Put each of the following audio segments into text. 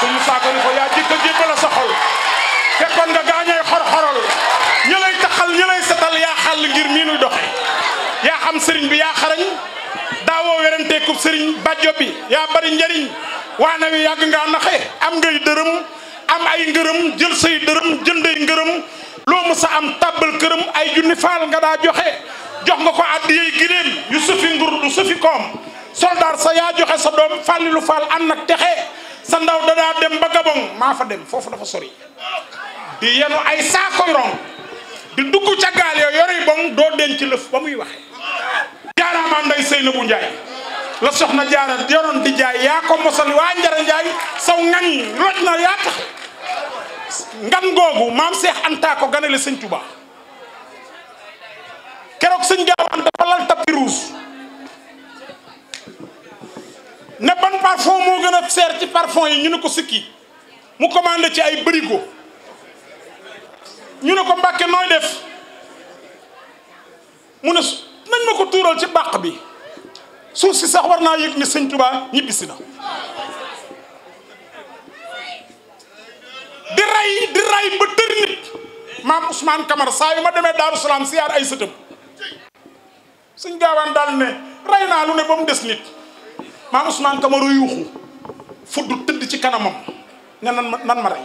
sëñ Musaa Ka ni yaa jëkk a jébbale sa xol fekkoon nga gaañay xor-xoral ñu lay taxal ñu setal yaa xàll ngir mii nuy doxe yaa xam sëriñ bi yaa xarañ daawoo weranteekub sëriñ bàjjo bi yaa bari njariñ waana wi yàgg ngaa naxe am ngay dërëm am ay ngërëm jël say dërëm jënday ngërëm loo mës a am tàbbal këram ay junni faal nga daa joxe jox nga ko addiyey giléem yu sufi ngur du sufi koom soldaar sa yaa joxe sa doom fàllilu faal ànd ak texe sa ndaw dadaa dem ba Gabon maa fa dem foofu dafa sori di yenu ay saako rong di dugg ca gaal yoo yori boŋ doo denc lëf ba muy waxee jaaraama nday Seynabou Ndiaye la soxna jaara yoroon di jaay yaa ko mosal waa Njara Ndiaye saw ngañ loj na yaa tax ngan googu maam Seex Anta ko ganale sëñ Tuubaa keroog sëñ Gaaw Anta parfum moo gën a seer ci parfon yi ñu ne ko sikki mu commandé ci ay bërigo ñu ne ko mbàkke nooy def mu ne nañ ma ko tuural ci bàq bi suuf si sax war naa yëg ni sëñ Tuubaa ñibbisi na di ray di ray ba tër nit maam Ousmane Camara saa yu ma demee Daaru Salaam siyaar ay sëtëm suñ gaawaan daal ne ray naa lu ne ba mu des nit maam naan Camara yuuxu fudd tëdd ci kanamam ne nan ma nan ma rey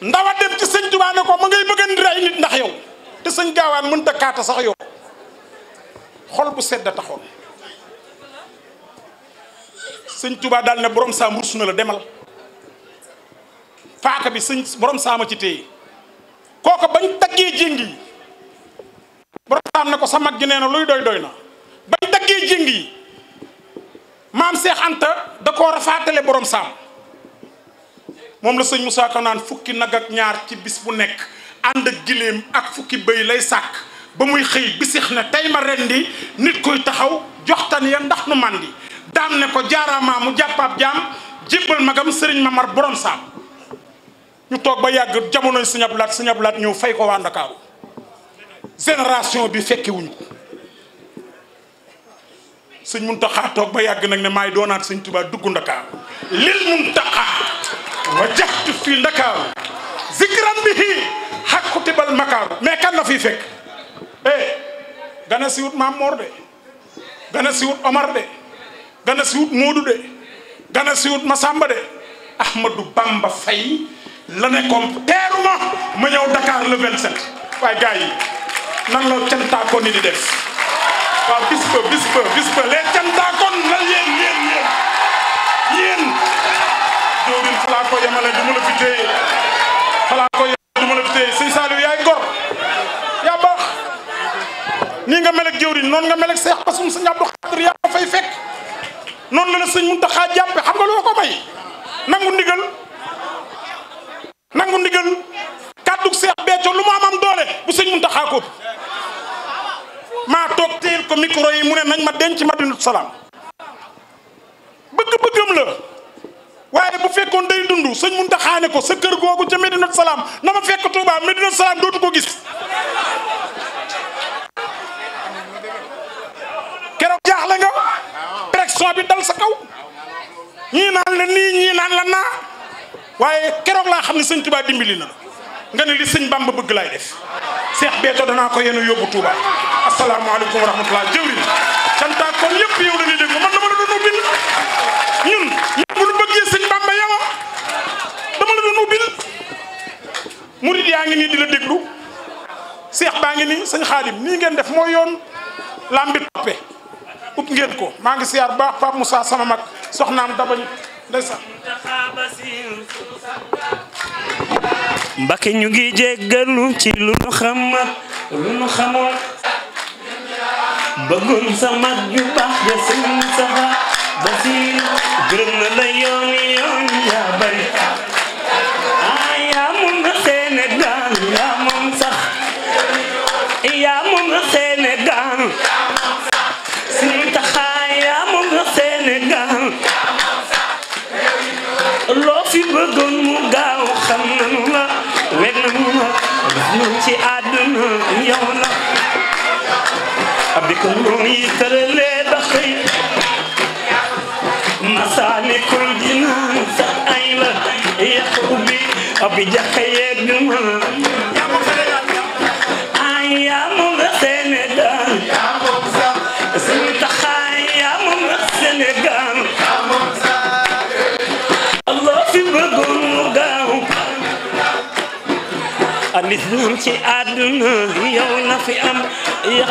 ndawa dem ci sëñ Tuubaa ne ko ma ngay bëgg a rey nit ndax yow te sëñ gaawaan mënta kaata sax yow xol bu sedd taxoon sëñ Tuubaa daal ne borom saam rus na la demal faaka bi sëñ borom saama ci téye kooku bañ taggee jéngi borom saam ne ko sa mag gi nee na luy doy doy na bañ daggee jëng yi maam Seex Anta da koo rafaatale borom saam moom la sëñ Moussa naan fukki nag ak ñaar ci bis bu nekk ànd ak giléem ak fukki bëy lay sàkk ba muy xëy bisix ne tey ma rendi nit kuy taxaw joxtan ya ndax nu màndi daam ne ko jaaraamaa mu jàppaab jaam jébbal magam sëriñ mar borom saam ñu toog ba yàgg jamonoy sëñ Ablaat sëñ Ablaat ñëw fay ko waa Ndakaaru génération bi fekkewuñ sëñ Muntaxa toog ba yàgg nag ne maay doonaat sëñ Tuubaa dugg Ndakaar lil Muntaxa wajjahtu fii Ndakaar zikran bihi xakkute bal makaaru mais kan la fiy fekk eh gana siwut Maam Moor de gana siwut Omar de gana siwut Moodu de gana siwut Masamba de Ahmadou Bamba Fay la nekkoon teeruma ma ñëw Dakar le 27 waaye gars yi nan la cantaakoon ni di def waa bis ba bis ba bis ba les cantaakoon la yéen yéen yéen yéen joorin fa laa ko du ma la fi téye fa laa ko du ma la fi téye sëñ Saliou yaay gor yaa baax nii nga melek joorin noonu nga melek Seex Basum sëñ Abdou Xaadir yaa ko fay fekk noonu la la sëñ Muntaxa jàppe xam nga lu ko may denc madinatu salaam bëgg-bëggam la waaye bu fekkoon day dund sëñ Muntaxa ne ko sa kër googu ca Medinatu Salaam na ma fekk Tuuba Medinatu Salaam dootu ko gis keroog jaaxle nga pression bi dal sa kaw ñii naan la nii ñii naan la naa waaye keroog laa xam ne sëñ Tuuba dimbali na nga ne li sëñ Bamba bëgg laay def Seex Beeto danaa ko yenu yóbbu Tuuba asalaamaaleykum wa rahmatullah jëwriñ sëñ Xaadim nii ngeen def mooy yoon lam bi toppe upp ngeen ko maa ngi siyaar baax Pape Moussa sama mag soxnaam dabañ ndeysaan Mbakke ñu ngi jéggalu ci lu nu xam lu nu xamoon bëggoon sa mag ju baax ja sëñ Moustapha Basiru gërëm na la yoon yoon yaa bari bi jaxee bi abi ay yaa moom la Sénégal suñu taxaay yaa moom la Sénégal Allah fi bëggoon mu gaaw alislam ci àdduna yow na fi am ya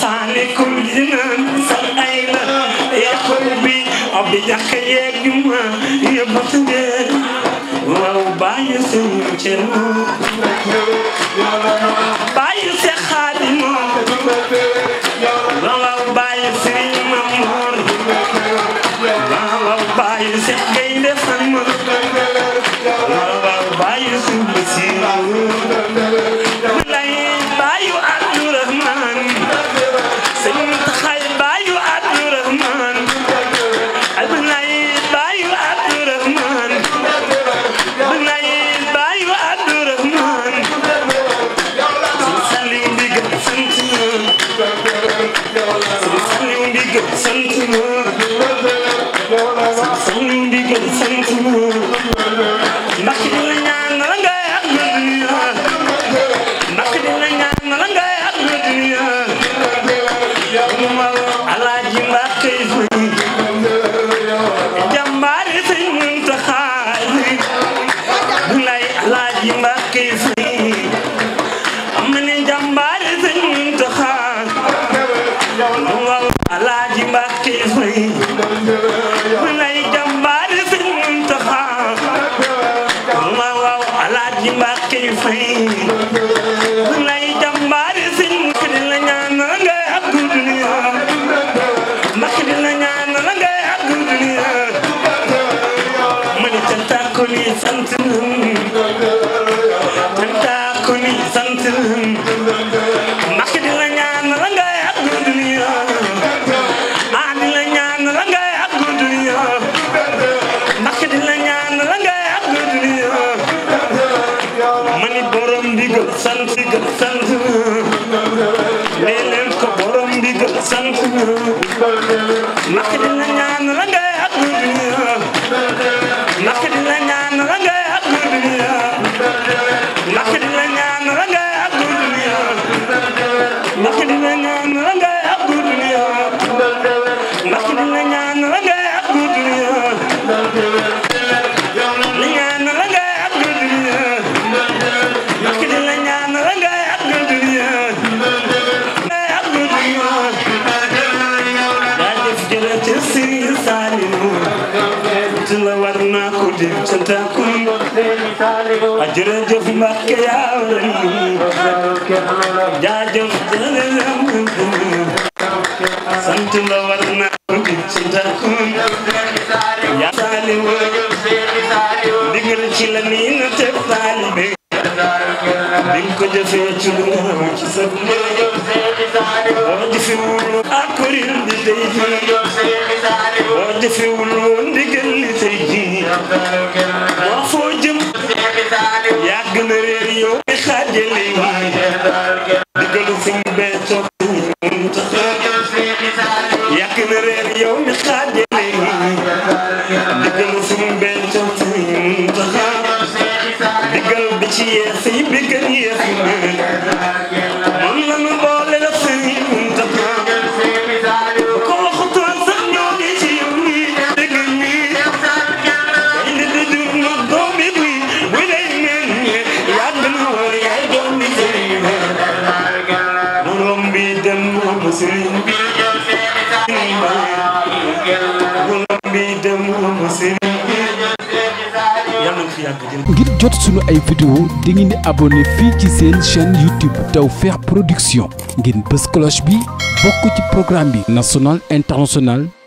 saalikum jinaan bi ayna ya qurbi abi jaxe yeeg juma yóbbu tuddee waaw bàyyi suñu cër ko ni sant leen ndax di la ñaan la nga yàgg duniya ah di la ñaan la nga yàgg duniya ndax di la ñaan la nga yàgg borom ndigal sant ndigal sant ko borom ndigal sant ndax ak jërëjëf Mbacke yaa jaajëf sant la war naa ko ci takun yaa taalibe ndigal ci la nii na te taalibe bi ko jëfee ci lu nga ci sa boo jëfewul ak kuréel bi tey jii boo jëfewul ndigal li tey jii muntaxa digal bi ci yees yi bi gën yees yi moom la nu boole la sëriñ muntaxa ko waxutoon sax ñoo ngi ci yow mi dëgg mi day ne di jur na doomi bi bu lay neen yàgg na war yaay doomi sëriñ moom bi dem moom sëriñ bi ngir jot sunu ay vidéo di ngeen di abonné fii ci seen chaîne YouTube feex Production ngeen bës cloche bi bokk ci programme bi national international